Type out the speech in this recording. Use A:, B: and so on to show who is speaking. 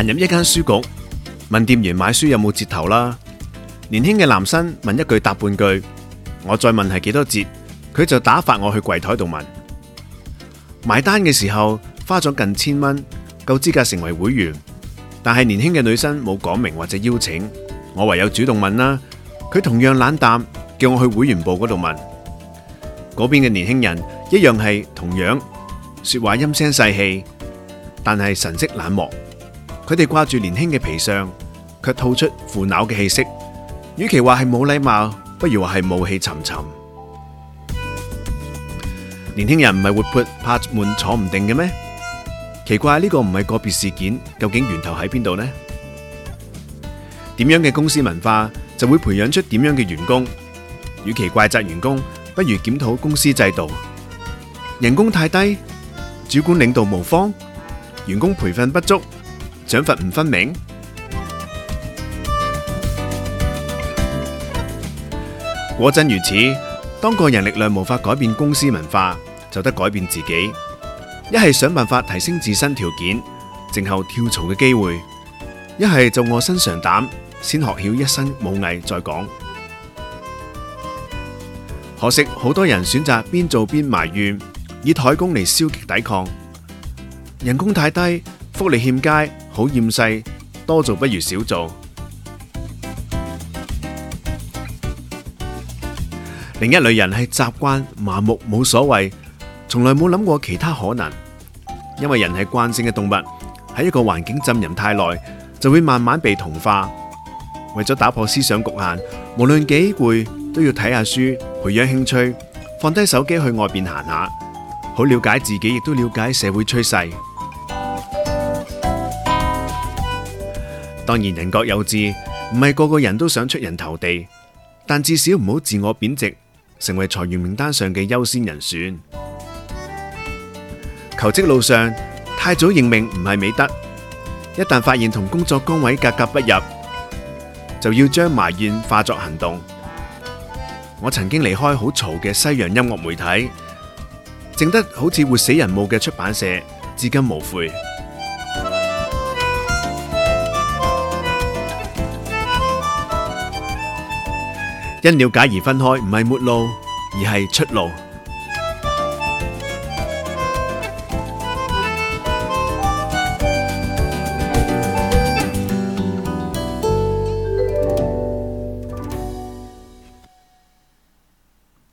A: 行入一間書局，問店員買書有冇折頭啦。年輕嘅男生問一句答半句，我再問係幾多折，佢就打發我去櫃台度問。買單嘅時候花咗近千蚊，夠資格成為會員，但係年輕嘅女生冇講明或者邀請，我唯有主動問啦。佢同樣冷淡，叫我去會員部嗰度問。嗰邊嘅年輕人一樣係同樣說話陰聲細氣，但係神色冷漠。佢哋掛住年輕嘅皮相，卻吐出腐朽嘅氣息。與其話係冇禮貌，不如話係暮氣沉沉。年輕人唔係活潑，怕悶坐唔定嘅咩？奇怪，呢、這個唔係個別事件，究竟源頭喺邊度呢？點樣嘅公司文化就會培養出點樣嘅員工？與其怪責員工，不如檢討公司制度。人工太低，主管領導無方，員工培訓不足。賞罰唔分明，果真如此，當個人力量無法改變公司文化，就得改變自己。一係想辦法提升自身條件，靜候跳槽嘅機會；一係就臥薪嘗膽，先學曉一身武藝再講。可惜好多人選擇邊做邊埋怨，以怠工嚟消極抵抗，人工太低，福利欠佳。好厭世，多做不如少做。另一類人係習慣麻木，冇所謂，從來冇諗過其他可能。因為人係慣性嘅動物，喺一個環境浸淫太耐，就會慢慢被同化。為咗打破思想局限，無論幾攰，都要睇下書，培養興趣，放低手機去外邊行下，好了解自己，亦都了解社會趨勢。當然，人各有志，唔係個個人都想出人頭地，但至少唔好自我貶值，成為裁員名單上嘅優先人選。求職路上，太早認命唔係美德，一旦發現同工作崗位格格不入，就要將埋怨化作行動。我曾經離開好嘈嘅西洋音樂媒體，靜得好似活死人墓嘅出版社，至今無悔。因了解而分開，唔係末路，而係出路。